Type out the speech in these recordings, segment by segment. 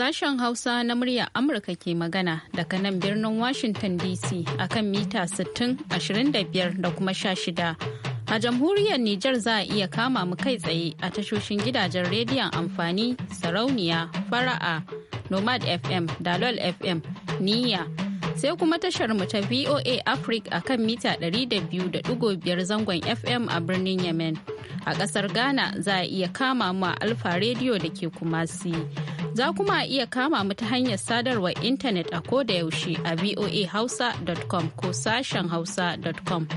Sashen Hausa na murya Amurka ke magana daga nan birnin Washington DC akan mita 60, 25 da kuma 16. A jamhuriyar Nijar za a iya kama mu kai tsaye a tashoshin gidajen rediyon amfani, sarauniya, fara'a, Nomad FM, Dalol FM, niya. sai kuma tashar mu ta VOA Africa kan mita 200.5 zangon FM a birnin Yemen. A ƙasar Ghana za a iya kama mu a Alfa Radio da ke Kumasi. Za kuma a iya kama mu ta hanyar sadarwar intanet a koda yaushe a voahausa.com ko sashen hausa.com.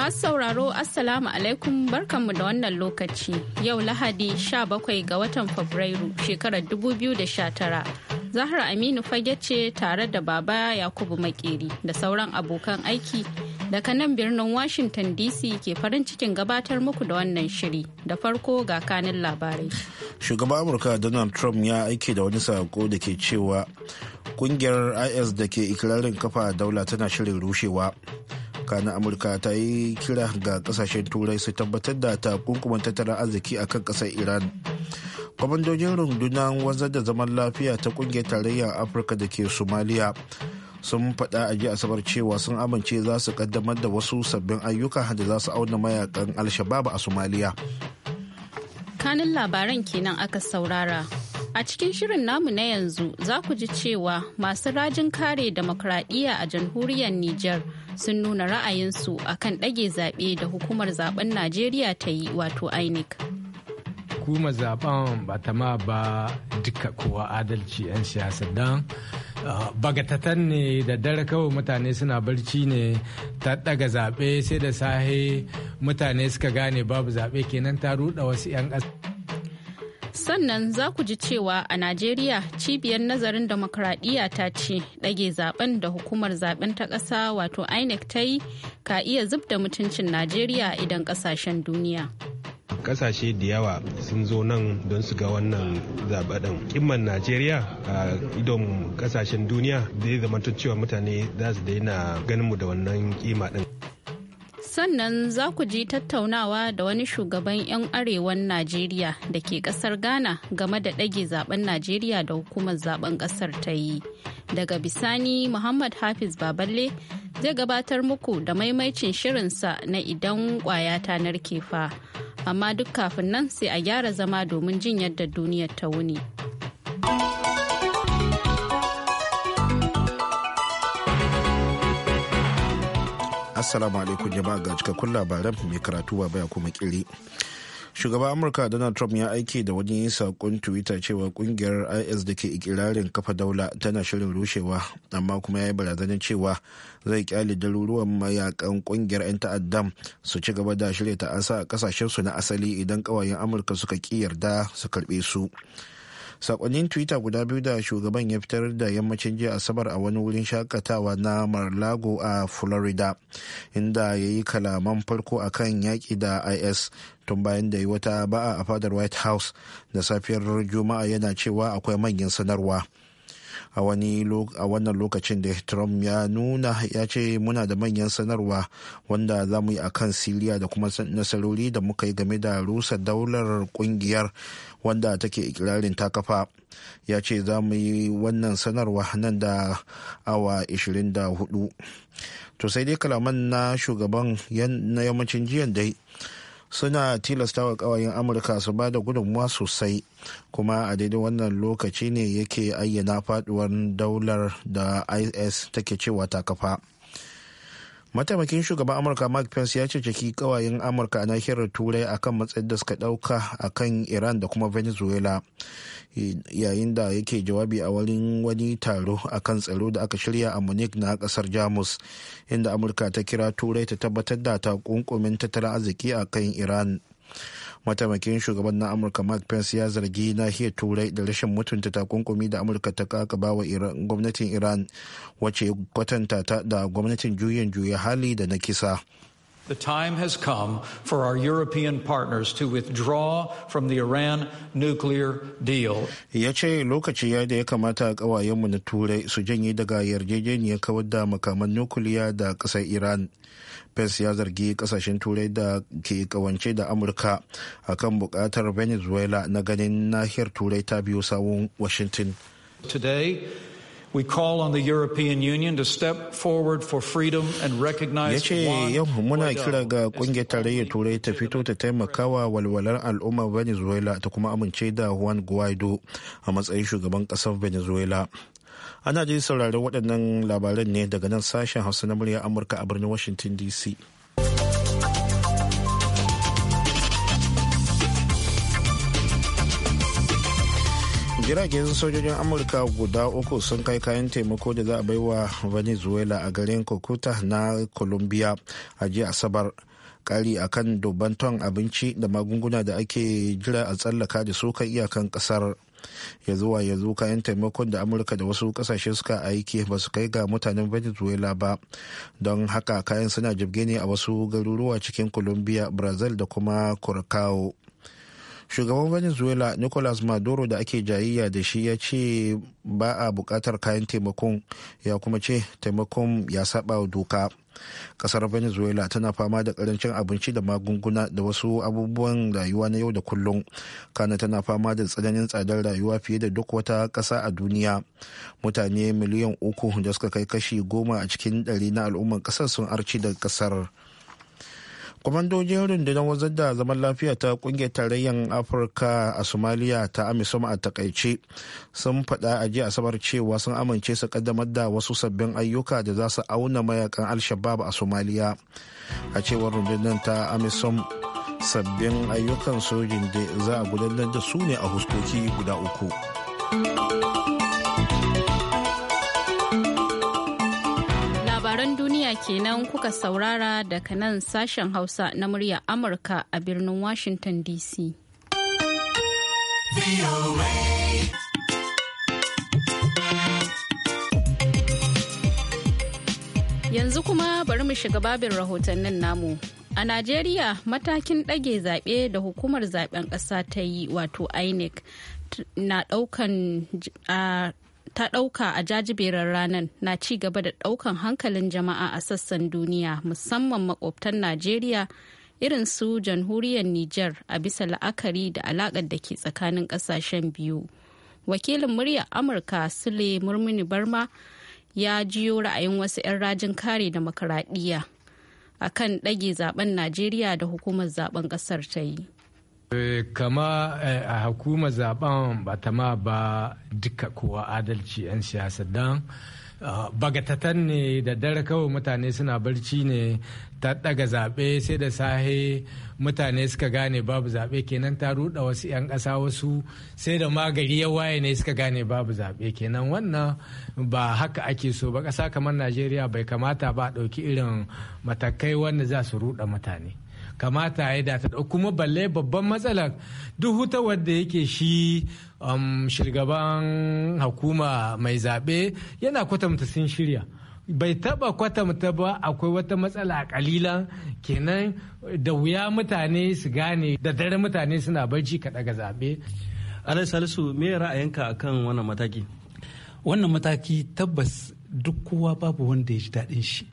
Masu sauraro Assalamu alaikum barkanmu da wannan lokaci yau Lahadi 17 ga watan Fabrairu shekarar 2019. Zahra Aminu fage ce tare da baba Yakubu Makeri da sauran abokan aiki daga nan birnin Washington DC ke farin cikin gabatar muku da wannan shiri da farko ga kanin labarai. Shugaban Amurka Donald Trump ya aiki da wani sako da ke cewa kungiyar IS da ke ikirarin kafa daula tana shirin rushewa. amurka na amurka ta yi kira ga kasashen turai su tabbatar da ta takunkuman tattalin arziki a kan kasar iran kwamandojin rundunar wanzar da zaman lafiya ta kungiyar tarayyar afirka da ke somaliya sun faɗa a jiya asabar cewa sun amince za su kaddamar da wasu sabbin ayyuka da za su auna mayakan alshabab a somaliya kanin labaran kenan aka saurara A cikin shirin namu na yanzu za ku ji cewa masu rajin kare demokradiyya a jamhuriyar Nijar sun nuna ra'ayinsu a kan ɗage zaɓe da hukumar zaɓen Najeriya ta yi wato INEC. Hukumar zaben ba ta ma ba duka kowa adalci 'yan siyasa don ah, bagatatan ne da dare kawai mutane suna barci ne ta ɗaga zaɓe sai da sahe mutane suka gane babu zaɓe kenan ta ruɗa wasu 'yan ƙasa. Sannan za ku ji cewa a Najeriya cibiyar nazarin demokradiyya ta ce ɗage zaben da hukumar zaben ta ƙasa wato INEC ta yi ka iya zub da mutuncin Najeriya idan ƙasashen duniya. kasashe da yawa sun zo nan don su ga wannan zaɓaɗin kimman najeriya a idon ƙasashen duniya zai zama cewa mutane za su daina ganin mu da wannan kima ɗin sannan za ku ji tattaunawa da wani shugaban 'yan arewan najeriya da ke kasar ghana game da ɗage zaben najeriya da hukumar zaben kasar ta yi daga bisani muhammad hafiz baballe zai gabatar muku da maimaicin shirinsa na idan kwaya ta fa amma duk kafin nan sai a gyara zama domin jin yadda duniyar ta wuni. assalamu alaikum jama'a ga cikakkun labaran mai karatu ba baya kuma kiri shugaban amurka donald trump ya aiki da wani sakon twitter cewa kungiyar is da ke ikirarin kafa daula tana shirin rushewa amma kuma ya yi barazanar cewa zai kyale daruruwan mayakan kungiyar 'yan ta'addam su ci gaba da shirya ta'asa a kasashensu na asali idan kawayen amurka suka ki yarda su karbe su sakonnin twitter guda biyu da shugaban ya fitar da yammacin jiya asabar a wani wurin shakatawa na marlago a florida inda ya yi kalaman farko akan yaƙi da is tun bayan da yi wata ba'a a fadar white house da safiyar juma'a yana cewa akwai manyan sanarwa a wannan lokacin da trump ya nuna ya ce muna da manyan sanarwa wanda za mu yi a kan siriya da kuma nasarori da muka yi game da rusa daular kungiyar wanda take ikirarin ta kafa ya ce za mu yi wannan sanarwa nan da awa 24 to sai dai kalaman na shugaban na yammacin jiyan dai suna tilasta wa kawayen amurka su ba da gudunmuwa sosai kuma a daidai wannan lokaci ne yake ayyana faduwar daular da is take cewa ta kafa. mataimakin shugaban amurka mark pence ya ceceki kawayen amurka a nahiyar turai akan matsayin da suka dauka akan iran da kuma venezuela yayin da yake jawabi a wani wani taro akan tsaro da aka shirya a munich na kasar jamus inda amurka ta kira turai ta tabbatar da ta kunkumin tattalin arziki akan iran mataimakin shugaban na amurka mark pence ya zargi nahiyar turai da rashin mutunta takunkumi da amurka ta kakaba wa gwamnatin iran wacce kwatanta ta da gwamnatin juyin juya hali da na kisa The time has come for our European partners to withdraw from the Iran nuclear deal. Ya ce lokaci ya da ya kamata ƙawayenmu na Turai su janye daga yarjejeniyar kawar da makaman nukuliya da ƙasar Iran. pence ya zargi kasashen turai da ke kawance da amurka a kan bukatar venezuela na ganin nahiyar turai ta biyu sawun washington today We call on the European Union to step forward for freedom and recognize Yace yau muna kira ga kungiyar tarayyar Turai ta fito ta taimakawa walwalar al'ummar Venezuela ta kuma amince da Juan Guaido a matsayin shugaban kasar Venezuela. ana jin sauraron waɗannan labaran ne daga nan sashen hausa na murya amurka a birnin washington dc jiragen sojojin amurka guda uku sun kai kayan taimako da za a baiwa venezuela a garin kokuta na colombia a jiya asabar kari a kan dubban ton abinci da magunguna da ake jira a tsallaka da su kan iyakan kasar ya zuwa yanzu kayan taimakon da amurka da wasu kasashe suka aiki ba su kai ga mutanen venezuela ba don haka kayan suna jibge ne a wasu garuruwa cikin colombia brazil da kuma curacao shugaban venezuela nicolas maduro da ake jayayya da shi ya ce ba a bukatar kayan taimakon ya kuma ce taimakon ya saba wa doka kasar venezuela tana fama da karancin abinci da magunguna da wasu abubuwan rayuwa na yau da kullum kana tana fama da tsananin tsadar rayuwa fiye da duk wata kasa a duniya mutane miliyan uku da suka kai kashi goma a cikin ɗari na al'umman ƙasar sun arci da kasar. kwamandojin rundunar wanzar da zaman lafiya ta kungiyar tarayyar afirka a somaliya ta amisom a takaice sun faɗa a jiya asabar cewa sun amince su kaddamar da wasu sabbin ayyuka da za su auna mayakan al-shabab a somaliya a cewar rundunar ta amisom sabbin ayyukan sojin da za a gudanar da su ne a huskoki guda uku. duniya kenan kuka saurara daga nan sashen Hausa na murya Amurka a birnin Washington DC. Yanzu kuma bari mu shiga babin rahotannin namu. A Najeriya matakin ɗage zaɓe da hukumar zaɓen ƙasa ta yi wato INEC na ɗaukan ta ɗauka a jajiberar ranar na ci gaba da ɗaukan hankalin jama'a a sassan duniya musamman makwabtan Najeriya irin su jamhuriyar Nijar a bisa la'akari da alaƙar da ke tsakanin ƙasashen biyu. Wakilin muryar Amurka Sule Murmini Barma ya jiyo ra'ayin wasu 'yan rajin kare da a kan ɗage zaben Najeriya da hukumar zaben ƙasar ta yi. Eh, kama eh, a hukumar zaben ba ta ma ba duka kowa adalci 'yan siyasa don ah, bagatatan ne da dare kawai mutane suna barci ne ta daga zaɓe sai da sahe mutane suka gane babu zaɓe kenan ta ruɗa wasu 'yan ƙasa wasu sai da magari ya waye ne suka gane babu zaɓe kenan wannan ba haka ake so ba ƙasa kamar najeriya bai kamata ba ɗauki irin matakai wanda za su ruɗa mutane kamata ya da ta kuma balle babban matsalar duk huta wadda yake shi um, shugaban hukuma mai zaɓe yana kwatanta sun shirya bai taba kwatanta ba akwai wata matsala a kalilan kenan da wuya mutane su gane da dare mutane suna barci ka daga zaɓe. alai salisu me ra'ayinka akan wannan mataki wannan mataki tabbas duk kowa babu wanda ya ji daɗin shi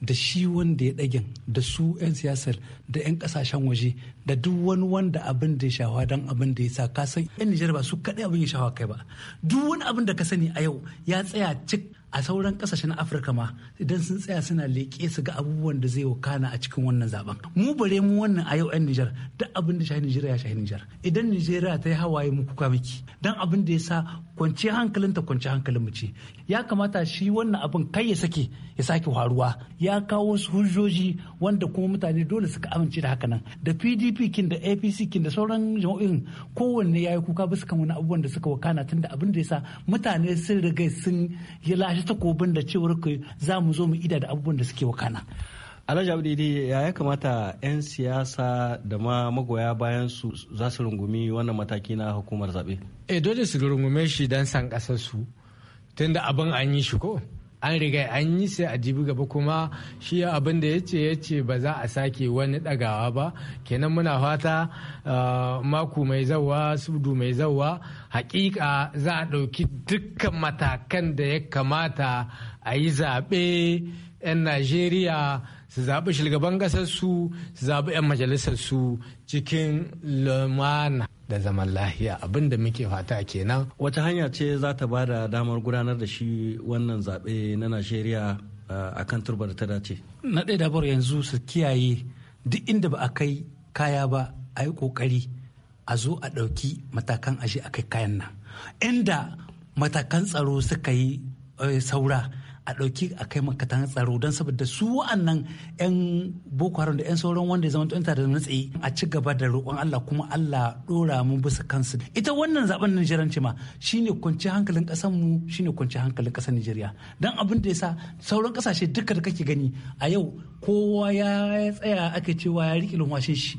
da shi wanda ya ɗagen da su 'yan siyasar da 'yan kasashen waje da duk wani wanda abin da ya shawa don abin da ya sa ka san 'yan nijar ba su kaɗai abin ya shawa kai ba duk wani abin da ka sani a yau ya tsaya cik a sauran kasashen afirka ma idan sun tsaya suna leƙe su ga abubuwan da zai wakana a cikin wannan zaben mu bare mu wannan a yau yan nijar duk abin da shahi nijar ya shahi nijar idan nijeriya ta yi hawaye mu kuka miki don abin da ya sa hankalin hankalinta kwanci hankalin mu ce ya kamata shi wannan abin kai ya sake ya sake faruwa ya kawo su hujjoji wanda kuma mutane dole suka amince da haka nan da pdp kin da apc kin da sauran jama'in kowanne ya yi kuka bisa kan wani abubuwan da suka wakana tunda abin da ya sa mutane sun riga sun yi lashe takobin da cewar za mu zo mu ida da abubuwan da suke wakana alhaji abu ya ya kamata 'yan siyasa da ma magoya bayan su za su rungumi wannan mataki na hukumar zaɓe eh dole su rungume shi don san ƙasarsu su tunda abin an yi shi ko an riga an yi sai a jibi gaba kuma shi abin da ya ce ya ce ba za a sake wani ɗagawa ba kenan muna fata ah, mako mai zawa sudu mai zawa hakika za a ɗauki dukkan matakan da ya kamata a yi zaɓe 'yan najeriya su zaɓi shugaban gasar su zaɓi 'yan majalisar su, cikin lumana da zaman lahiya abinda muke fata kenan. Wata hanya ce za ta ba da damar gudanar da shi wannan zaɓe na Najeriya eh, a kan da ta dace. Na ɗaya dabar yanzu su kiyaye duk inda ba a kai kaya ba a yi ƙoƙari a zo a ɗauki matakan ashe a kai kayan nan. Inda matakan tsaro suka yi eh, saura a ɗauki a kai makatan tsaro don saboda su wa'annan 'yan boko haram da 'yan sauran wanda ya zama ta da na a ci gaba da roƙon Allah kuma Allah ɗora mu bisa kansu ita wannan zaben Nijeriya ma shine kwanci hankalin ƙasar mu shine kwanci hankalin ƙasar Nijeriya dan abin da ya sa sauran ƙasashe duka da kake gani a yau kowa ya tsaya ake cewa ya riƙe lumwashin shi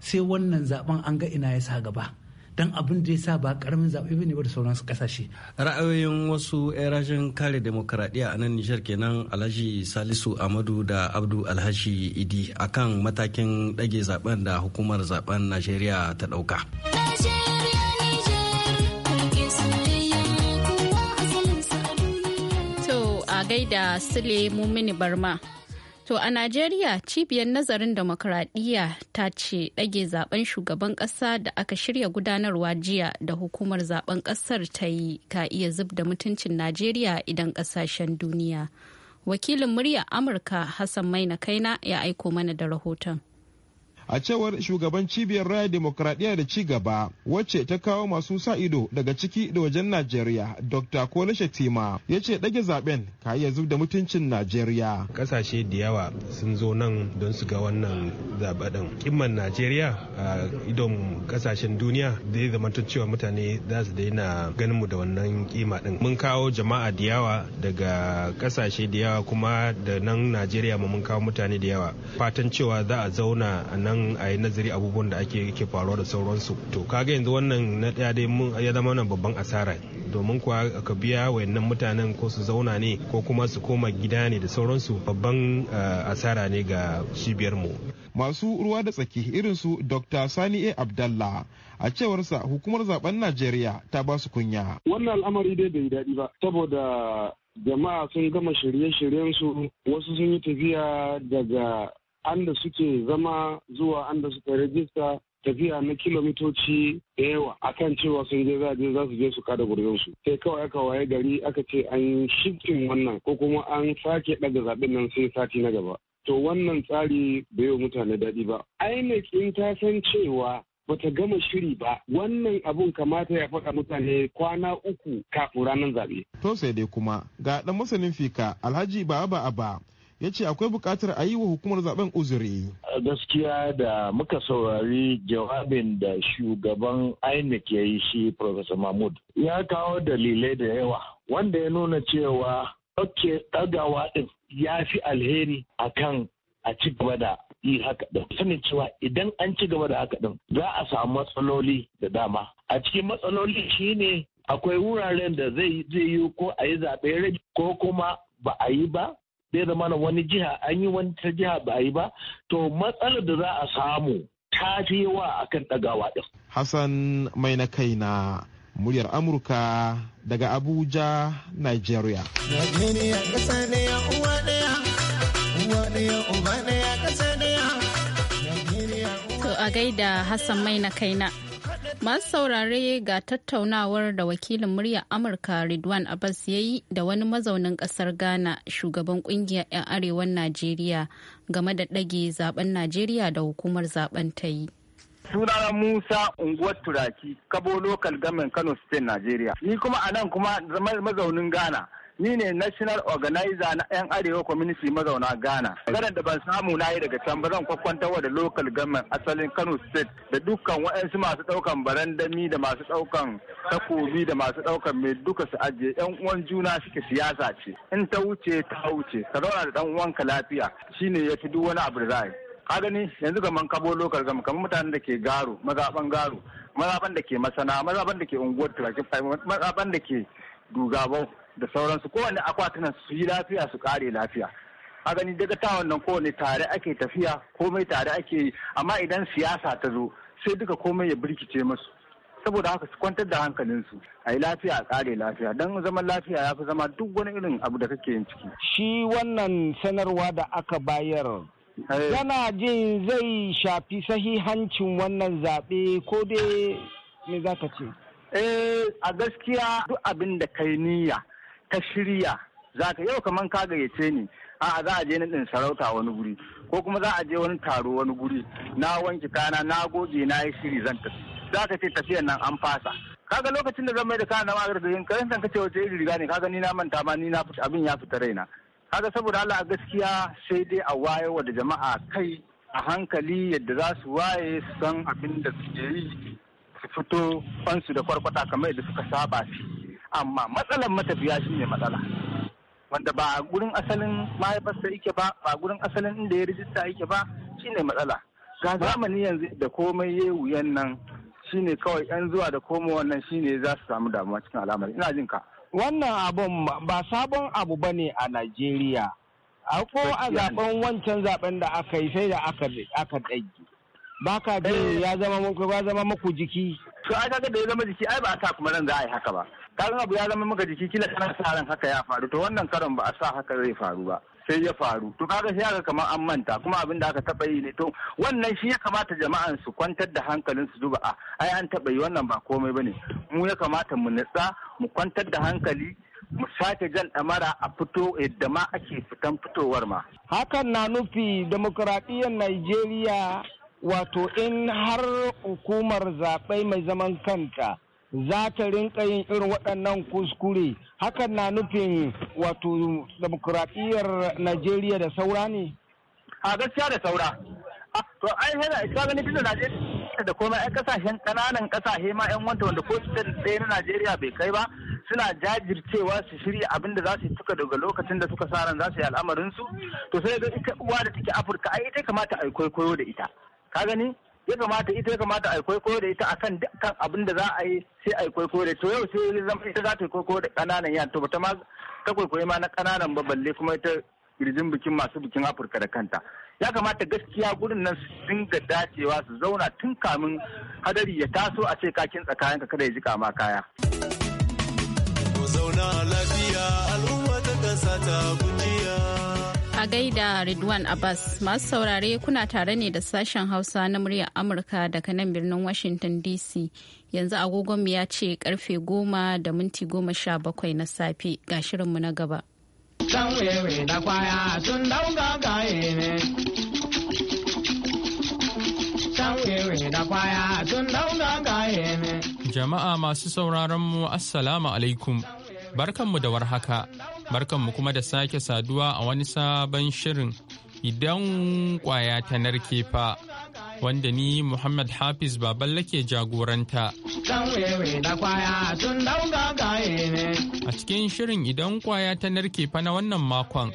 sai wannan zaben an ga ina ya sa gaba dan abin da ya sa ba karamin zaɓe bane ba da sauran su kasashe ra'ayoyin wasu yan rajin kare demokradiyya a nan Nijar kenan Alhaji Salisu Amadu da Abdu Alhaji Idi akan matakin ɗage zaben da hukumar zaben Najeriya ta ɗauka. To a gaida Sule Mumini Barma To a Najeriya cibiyar nazarin demokuraɗiyya ta ce ɗage zaben shugaban ƙasa da aka shirya gudanarwa jiya da hukumar zaben ƙasar ta yi ka iya zub da mutuncin Najeriya idan ƙasashen duniya. Wakilin murya Amurka Hassan Maina Kaina ya aiko mana da rahoton. a cewar shugaban cibiyar raya demokradiyya da ci gaba wacce ta kawo masu sa ido daga ciki da wajen najeriya dr kola Tima ya ce dage zaben ka iya zub da mutuncin najeriya Kasashe da yawa sun zo nan don su ga wannan zaɓen kimman najeriya a idon kasashen duniya zai zama cewa mutane za su daina ganin mu da wannan kima ɗin mun kawo jama'a da yawa daga kasashe da yawa kuma da nan najeriya mu mun kawo mutane da yawa fatan cewa za a zauna a nan don a yi nazari abubuwan da ake ke faruwa da sauransu to kaga yanzu wannan na ɗaya dai mun ya zama wannan babban asara domin kuwa ka biya wayannan mutanen ko su zauna ne ko kuma su koma gida ne da sauransu babban eh, asara ne ga cibiyar mu masu ruwa da tsaki irin su dr sani a abdallah a cewarsa hukumar zaben najeriya ta ba su kunya wannan al'amari dai bai daɗi ba saboda jama'a sun gama shirye-shiryen su wasu sun yi tafiya daga an da suke zama zuwa an da suka rajista tafiya na kilomitoci da yawa akan cewa sun je zaje za su je su kada su sai kawai aka waye gari aka ce an shiftin wannan ko kuma an sake daga zaɓen nan sai sati na gaba to wannan tsari bai yi mutane daɗi ba INEC in ta san cewa bata gama shiri ba wannan abun kamata ya faɗa mutane kwana uku kafin ranar zaɓe. To sai dai kuma ga ɗan masanin fika Alhaji ba Baba ba. ya ce akwai bukatar a yi wa hukumar zaben uzuri. gaskiya da muka saurari jawabin da shugaban inec ya yi shi professor mahmud ya kawo dalilai da yawa wanda ya nuna cewa ɗauke ɗagawa ɗin ya fi alheri a kan a ci gaba da yi haka ɗin sanin cewa idan an ci gaba da haka ɗin za a samu matsaloli da dama a cikin matsaloli shine akwai wuraren da zai yi ko a yi zaɓe ko kuma ba a yi ba zai zama na wani jiha an yi wani ta jiha ba a yi ba to matsalar da za a samu ta fi yawa akan ɗagawa ɗin. Hassan mai na kai na muryar Amurka daga Abuja, Nigeria. To a gaida Hassan mai na kaina. Masu saurare ga tattaunawar da wakilin muryar Amurka Ridwan Abbas ya yi da wani mazaunin kasar Ghana shugaban kungiyar 'yan arewan Najeriya game da ɗage zaben Najeriya da hukumar zaben ta yi. sunana Musa unguwar Turaki, Kabo Local Gamen Kano State, Najeriya. Ni kuma a nan kuma mazaunin Ghana. ni ne national organizer na 'yan arewa community mazauna ghana maganar da ban samu na yi daga can ba zan kwakwantarwa da local government asalin kano state da dukkan waɗansu masu ɗaukan barandami da masu ɗaukan takobi da masu ɗaukan mai duka su ajiye 'yan uwan juna suke siyasa ce in ta wuce ta wuce ka zauna da ɗan uwanka lafiya shine ya fi duk wani abu da za yi ka gani yanzu kaman kabo local gama kamar mutanen da ke garo mazaban garo mazaban da ke masana mazaban da ke unguwar turaki mazaban da ke dugabau da sauransu kowane akwatunan su yi lafiya su kare lafiya a gani daga ta nan kowane tare ake tafiya komai tare ake yi amma idan siyasa ta zo sai duka komai ya birkice musu saboda haka su kwantar da hankalinsu a yi lafiya a kare lafiya don zaman lafiya ya fi zama duk wani irin abu da kake yin ciki shi wannan sanarwa da aka bayar yana eh. jin zai shafi sahihancin wannan zaɓe ko dai me za ka ce eh a gaskiya duk abin da kai niyya ka shirya za ka yau kamar ka gayyace ni a'a za a je naɗin sarauta wani guri ko kuma za a je wani taro wani guri na wanke kana na goge na yi shiri zan tafi za ka ce tafiyan nan an fasa kaga lokacin da zan mai da kana na magar da yin kayan san kace wace iri riga ne kaga ni na manta ma ni na abin ya fita raina kaga saboda Allah a gaskiya sai dai a wayewa da jama'a kai a hankali yadda za su waye su san abin da suke yi su fito fansu da kwarkwata kamar yadda suka saba shi amma matsalar matafiya shine matsala wanda ba a gurin asalin mahaifarsa yake ba ba a gurin asalin inda ya rijista yake ba shine matsala ga zamani yanzu da komai ya wuyan nan shine kawai yan zuwa da komai wannan shine za su samu damuwa cikin al'amari ina jin ka wannan abun ba sabon abu bane a Najeriya a ko a zaben wancan zaben da aka yi sai da aka ɗage ba ka eh. ya zama muku jiki to ai kaga da ya zama jiki ai ba ta kuma nan za a yi haka ba kasan abu ya zama maka jiki kila kana sa ran haka ya faru to wannan karon ba a sa haka zai faru ba sai ya faru to kaga sai aka kamar an manta kuma abin da aka taba yi ne to wannan shi ya kamata jama'an su kwantar da hankalin su duba a ah, ai an taba yi wannan ba komai bane mu ya kamata mu nutsa mu kwantar da hankali mu sake jan ɗamara a fito yadda ma ake fitan fitowar ma. Hakan na nufi demokuraɗiyyar Najeriya wato in har hukumar zaɓe mai zaman kanta za ta rinka yin irin waɗannan kuskure hakan na nufin wato demokuraɗiyyar najeriya da saura ne a gaskiya da saura ah, to ai yana ka gani tunda najeriya da komai ai kasashen ƙananan kasashe ma yan wanda wanda ko ɗaya na najeriya bai kai ba suna jajircewa su shirya abin da za su tuka daga lokacin da suka sa ran za su yi al'amarinsu to sai ga ita uwa da take afirka ai ita kamata a yi kwaikwayo da ita ka gani ya kamata ita ya kamata a kwaikwayo da ita akan kan abin da za a yi sai a kwaikwayo da to yau sai ya zama ita za ta kwaikwayo da kananan yan to ta ma ta kwaikwayo ma na kananan ba balle kuma ita girjin bikin masu bikin afirka da kanta ya kamata gaskiya gurin nan su dinga dacewa su zauna tun kamin hadari ya taso a ce kakin tsakaninka kada ya jika ma kaya. Ku zauna lafiya al'umma ta kasa ta kujiya. A gaida Ridwan Abbas masu saurare kuna tare ne da sashen Hausa na muryar Amurka daga nan birnin Washington DC yanzu agogon mu ya ce karfe goma da minti goma sha bakwai na safe ga shirinmu na gaba. Jama'a masu sauraron mu Assalamu alaikum. Barkanmu da warhaka, barkanmu kuma da sake saduwa a wani sabon shirin idan kwaya ta narke fa wanda ni Muhammad Hafiz Baballe ke jagoranta. A cikin shirin idan kwaya ta narke fa na wannan makon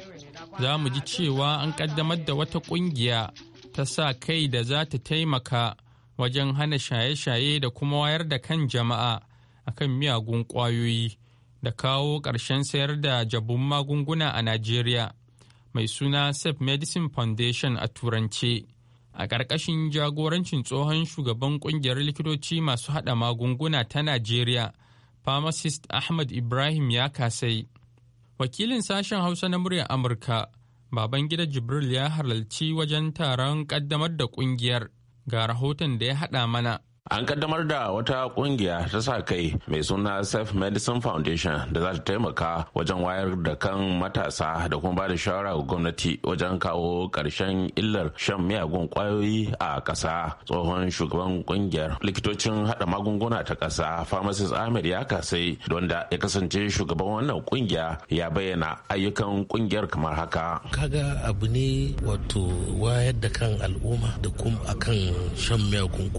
za mu ji cewa an kaddamar da wata ƙungiya ta sa kai da za ta taimaka wajen hana shaye-shaye da kuma wayar da kan jama'a akan miyagun kwayoyi. da kawo ƙarshen sayar da jabun magunguna a Najeriya mai suna Safe Medicine Foundation a Turance. A ƙarƙashin jagorancin tsohon shugaban ƙungiyar likitoci masu haɗa magunguna ta Najeriya, pharmacist Ahmad Ibrahim ya kasai. Wakilin sashen Hausa na muryar Amurka, Babangida Jibril ya halarci wajen taron ƙaddamar da ƙungiyar ga rahoton da ya haɗa mana. An kaddamar da wata kungiya ta sa kai mai suna Self Medicine Foundation da za ta taimaka wajen wayar da kan matasa da kuma ba da shawara ga gwamnati wajen kawo ƙarshen illar shan miyagun ƙwayoyi a ƙasa. Tsohon shugaban kungiyar likitocin hada magunguna ta ƙasa Pharmacist Ahmed ya kasai don da ya kasance shugaban wannan kungiya ya bayyana ayyukan kungiyar kamar haka. Kaga abu ne wato wayar da kan al'umma da kuma akan shan miyagun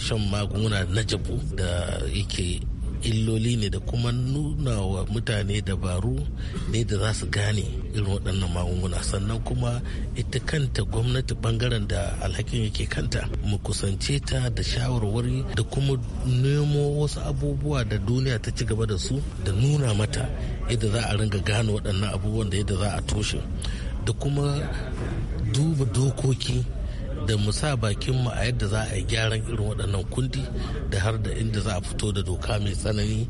shan magunguna na jabu da yake illoli ne da kuma nuna wa mutane dabaru ne da za su gane irin waɗannan magunguna sannan kuma ita kanta gwamnati bangaren da alhakin yake kanta mu kusance ta da shawarwari da kuma nemo wasu abubuwa da duniya ta ci gaba da su da nuna mata yadda za a ringa gane waɗannan abubuwan da yadda za a toshe da kuma duba dokoki da mu sa bakin mu a yadda za a yi gyaran irin waɗannan kundi da har da inda za a fito da doka mai tsanani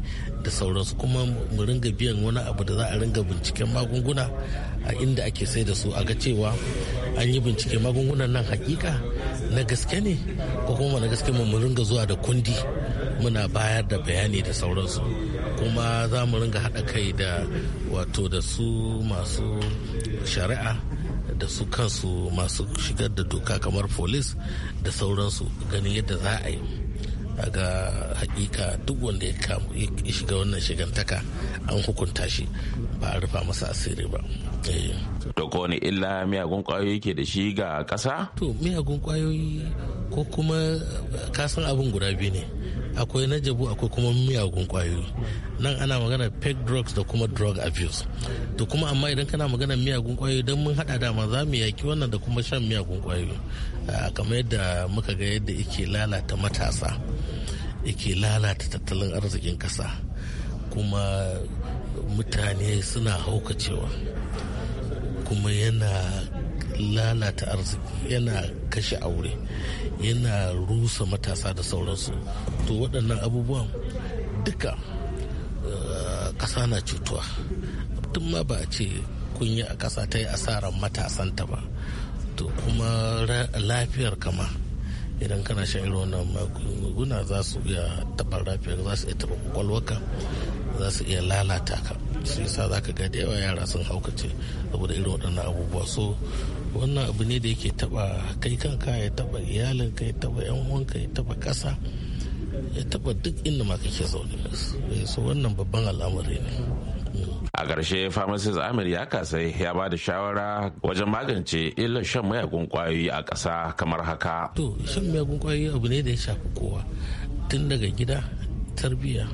da sauransu kuma mu ringa biyan wani abu da za a ringa binciken magunguna a inda ake sai da su a ga cewa an yi bincike magungunan nan hakika na gaske ne ko kuma na gaske mu ringa zuwa da kundi muna bayar da bayani da sauransu kuma za mu ringa haɗa kai da wato da su masu shari'a da su kansu masu shigar da doka kamar polis da sauransu ganin yadda za a yi ga hakika duk wanda ya shiga wannan shigantaka an hukunta shi ba a rufa masa asiri ba eh. to ko illa miyagun kwayoyi ke da shi ga kasa to miyagun kwayoyi ko kuma kasan abin guda biyu ne akwai na jabu akwai kuma miyagun kwayoyi nan ana magana peg drugs da kuma drug abuse to kuma amma idan kana magana miyagun kwayoyi don mun hada dama za mu yaki wannan da kuma shan miyagun kwayoyi kamar yadda muka ga yadda ike lalata matasa ike lalata tattalin arzikin kasa kuma mutane suna haukacewa kuma yana lalata arziki yana kashe aure yana rusa matasa da sauransu to waɗannan abubuwan duka eh, ƙasa na cutuwa tun ma ba a ce kunya a ƙasa ta yi asarar matasanta ba to kuma lafiyar kama idan kana shan irin wannan magunguna za su iya taɓar lafiyar za su iya taɓa kwakwalwaka za su iya lalata ka su sa za ka ga da yawa yara sun haukace saboda irin waɗannan abubuwa so wannan abu ne da yake taba kai kanka ya taba iyalinka ya taba yan uwanka ya taba kasa ya taba duk inda ma kake zaune eh, so wannan babban al'amari ne a ƙarshe pharmacist amir ya kasai ya ba da shawara wajen magance illar shan mayagun kwayoyi a ƙasa kamar haka to shan mayagun kwayoyi abu ne da ya shafi kowa tun daga gida tarbiyya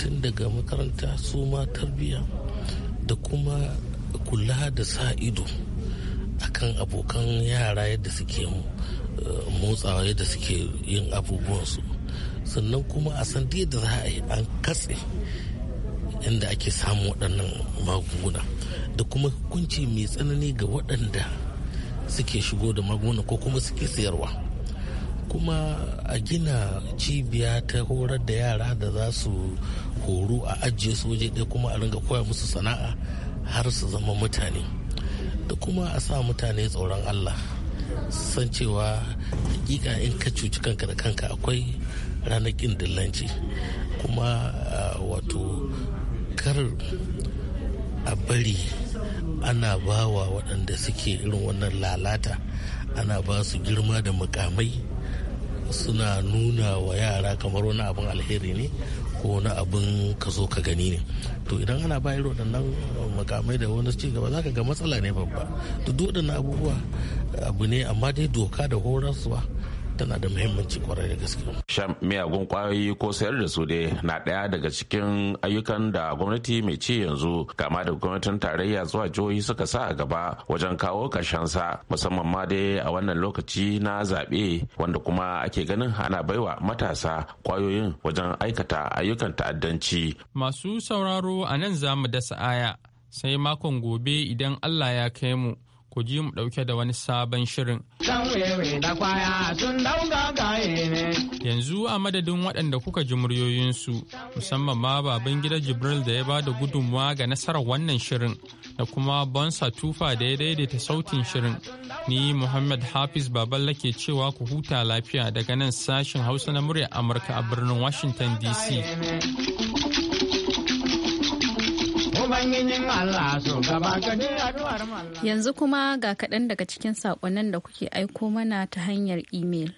tun daga makaranta su ma tarbiyya da kuma kula da sa ido akan abokan yara yadda suke eh, motsawa yadda suke yin abubuwansu sannan kuma a san yadda za a yi an katse inda ake samun waɗannan magunguna da kuma hukunci mai tsanani ga waɗanda suke shigo da magunguna ko kuma suke sayarwa kuma a gina cibiya ta horar da yara da za su horo a ajiye su waje ɗaya kuma a ringa koya musu sana'a har su zama mutane. da kuma a sa mutane tsoron allah san cewa hakika in ka cuci kanka da kanka akwai ranakin dillanci kuma ah, wato kar a bari ana bawa waɗanda suke irin wannan lalata ana ba su girma da mukamai suna nuna wa yara kamar wani abin alheri ne ko na abin ka zo ka gani ne to idan ana bayar waɗannan uh, makamai da wani ci gaba zaka ga matsala ne babba duk waɗannan abubuwa uh, abu ne amma dai doka da horaswa tana da muhimmanci kwarai da gaske. Shan miyagun kwayoyi ko sayar da su dai na ɗaya daga cikin ayyukan da gwamnati mai ci yanzu kama da gwamnatin tarayya zuwa jihohi suka sa a gaba wajen kawo sa musamman ma dai a wannan lokaci na zaɓe wanda kuma ake ganin ana baiwa matasa kwayoyin wajen aikata ayyukan ta'addanci. Masu sauraro a nan za mu dasa aya sai makon gobe idan Allah ya kai mu. ku ji mu ɗauke da wani sabon shirin. Yanzu a madadin waɗanda kuka ji muryoyinsu musamman ma baban gida Jibril da ya ba da gudunmawa ga nasarar wannan shirin da kuma Bonsa Tufa da ya daidaita sautin shirin. Ni Muhammad Hafiz Baballa ke cewa ku huta lafiya daga nan sashen Hausa na murya Amurka a birnin Washington DC. Ubangijin Yanzu kuma ga kaɗan daga cikin saƙonnin da kuke aiko mana ta hanyar imel.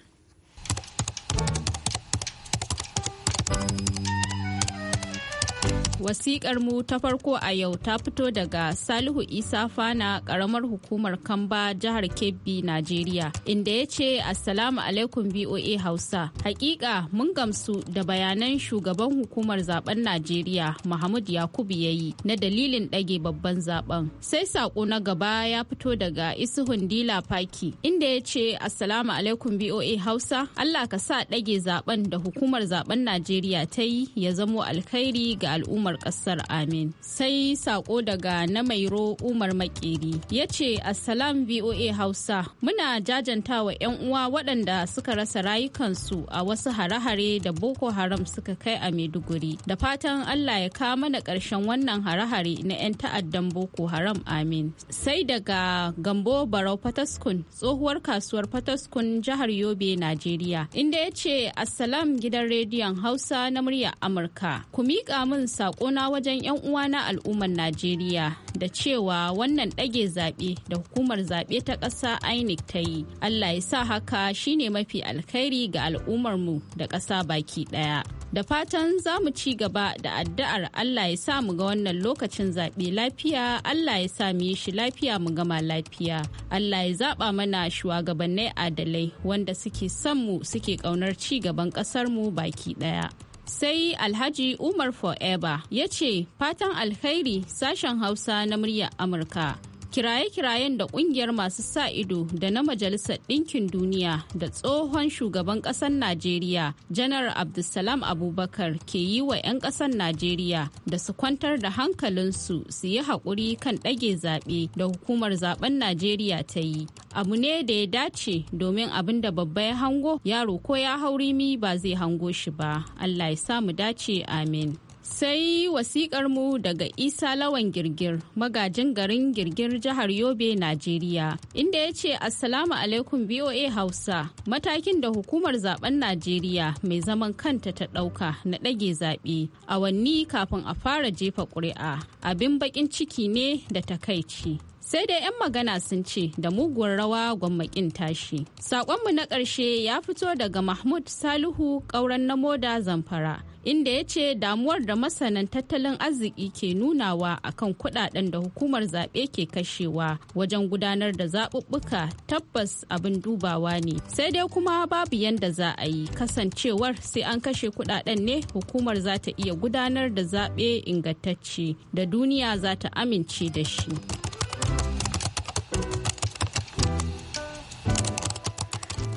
Wasiƙar mu ta farko a yau ta fito daga Salihu Isa Fana ƙaramar hukumar Kamba jihar Kebbi, Najeriya, inda ya ce Assalamu alaikum BOA Hausa. Hakika mun gamsu da bayanan shugaban hukumar zaben Najeriya Muhammad Yakubu ya yi na dalilin ɗage babban zaben. Sai saƙo na gaba ya fito daga Isuhun Dila paki inda ya ce Assalamu alaikum BOA Hausa. Allah ka sa ɗage zaben da hukumar zaben Najeriya ta yi ya zamo alkhairi ga al'ummar Ƙasar kasar amin sai sako daga na mairo umar makeri ya ce assalam voa hausa muna jajantawa 'yan uwa waɗanda suka rasa rayukansu a wasu hare-hare da boko haram suka kai a maiduguri da fatan allah ya kawo mana ƙarshen wannan hare-hare na 'yan ta'addan boko haram amin sai daga gambo barau fataskun tsohuwar kasuwar fataskun jihar yobe najeriya inda ya ce assalam gidan rediyon hausa na murya amurka ku miƙa min sako saƙona wajen 'yan uwa na al'ummar Najeriya da cewa wannan ɗage zaɓe da hukumar zaɓe ta ƙasa INEC ta yi. Allah ya sa haka shine mafi alkhairi ga al'ummar mu da ƙasa baki ɗaya. Da fatan za mu ci gaba da addu'ar Allah ya sa mu ga wannan lokacin zaɓe lafiya, Allah ya sa mu yi shi lafiya mu gama lafiya. Allah ya zaɓa mana shugabannin adalai wanda suke son mu suke ƙaunar ci gaban ƙasarmu baki ɗaya. sai alhaji umar forever ya ce fatan alkhairi sashen hausa na muryar amurka kiraye-kirayen da kungiyar masu sa ido da na majalisar ɗinkin duniya da tsohon shugaban ƙasar najeriya janar abdulsalam abubakar ke yi wa 'yan ƙasar najeriya da su kwantar da hankalinsu su yi haƙuri kan ɗage zaɓe da hukumar zaben najeriya ta yi abu ne da ya dace domin abin da babba ya hango yaro ko ya haurimi ba zai hango shi ba allah ya samu dace amin sai wasikar mu daga isa lawan girgir magajin garin girgir jihar yobe najeriya inda ya ce assalamu alaikum voa hausa matakin da hukumar zaben najeriya mai zaman kanta ta ɗauka na ɗage zaɓe awanni kafin a fara jefa ƙuri'a abin baƙin ciki ne da takaici sai dai 'yan magana sun ce da muguwar rawa gwammakin tashi saƙonmu na ƙarshe ya fito daga mahmud salihu ƙauren na moda zamfara inda ya ce damuwar da masanan tattalin arziki ke nunawa akan kudaden da hukumar zaɓe ke kashewa wajen gudanar da zaɓuɓɓuka tabbas abin dubawa ne sai dai kuma babu yadda za a yi kasancewar sai an kashe kudaden ne hukumar za ta iya gudanar da zaɓe ingantacce da duniya za ta amince da shi.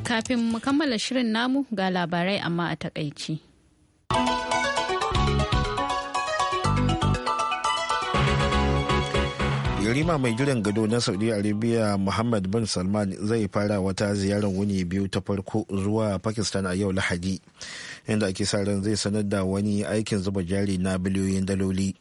Kafin mu kammala shirin namu ga labarai amma a takaici. yarima mai jiran gado na saudi arabia muhammad bin salman zai fara wata ziyarar wuni biyu ta farko zuwa pakistan a yau lahadi inda ake sa ran zai sanar da wani aikin zuba jari na biliyoyin daloli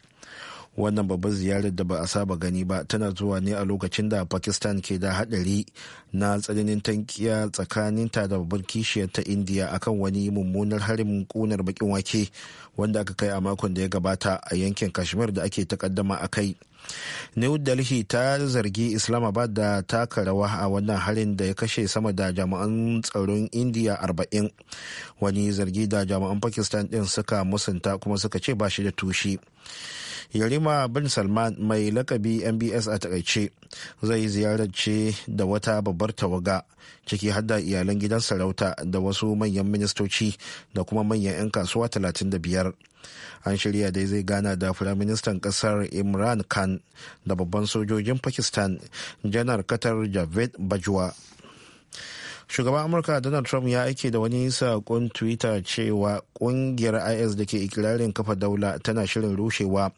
wannan babbar ziyarar da ba a saba gani ba tana zuwa ne a lokacin da pakistan ke da hadari na tsananin tankiya tsakanin ta da babban kishiyar ta india akan wani mummunar harin kunar bakin wake wanda aka kai a makon da ya gabata a yankin kashmir da ake takaddama a kai new delhi ta zargi islamabad da taka rawa a wannan harin da ya kashe sama da jami'an tsaron indiya 40 wani zargi da jami'an pakistan din suka musanta kuma suka ce ba shi da tushe yarima bin salman mai lakabi mbs a takaice zai ziyararce da wata babbar tawaga ciki hadda iyalan gidan sarauta da wasu manyan ministoci da kuma manyan 'yan kasuwa 35 an shirya dai zai gana da firaministan kasar imran khan da babban sojojin pakistan janar qatar javed bajwa shugaban amurka donald trump ya aike da wani saƙon twitter cewa ƙungiyar is da ke ikirarin kafa daula tana shirin rushewa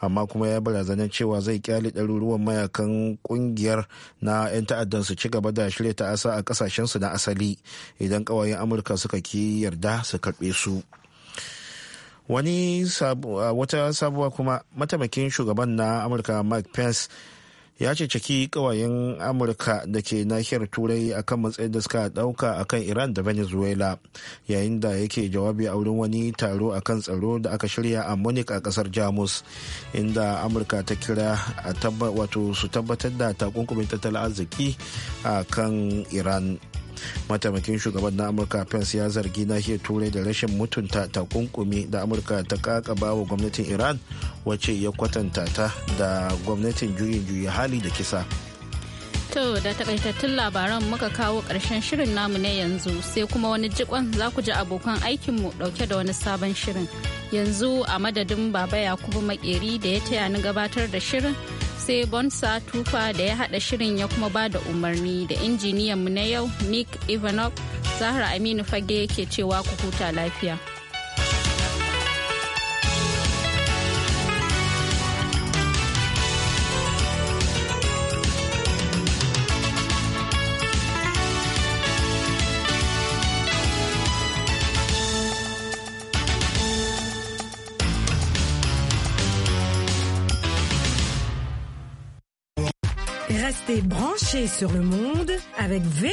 amma kuma ya barazanar cewa zai kyale ɗaruruwan mayakan ƙungiyar na 'yan ta'addan su ci gaba da shirya ta'asa a ƙasashensu na asali idan ƙawayen amurka suka ki yarda su karɓe su. wani ah, wata sabuwa kuma mataimakin shugaban na amurka mike pence ya ce ceceki kawayen amurka da ke nahiyar turai akan matsayin da suka dauka akan iran da venezuela yayin da yake jawabi a wurin wani taro akan tsaro da aka shirya a munich a kasar jamus inda amurka ta kira wato su tabbatar da takunkumin tattalin arziki a kan iran mataimakin shugaban na amurka pence ya zargi na nahiyar turai da rashin mutunta takunkumi da amurka ta kakaba wa gwamnatin iran wacce ya kwatanta ta da gwamnatin juyin juyi hali da kisa To da takaitattun labaran muka kawo ƙarshen shirin namu ne yanzu sai kuma wani jikon za ku ji abokan aikinmu ɗauke da wani sabon shirin. Yanzu a madadin Baba Yakubu Makeri da ya taya ni gabatar da shirin sai bonsa tufa da ya hada shirin ya kuma ba da umarni da injiniyanmu na yau nick ivanov zahra aminu fage ke cewa ku huta lafiya. T'es branché sur le monde avec VO.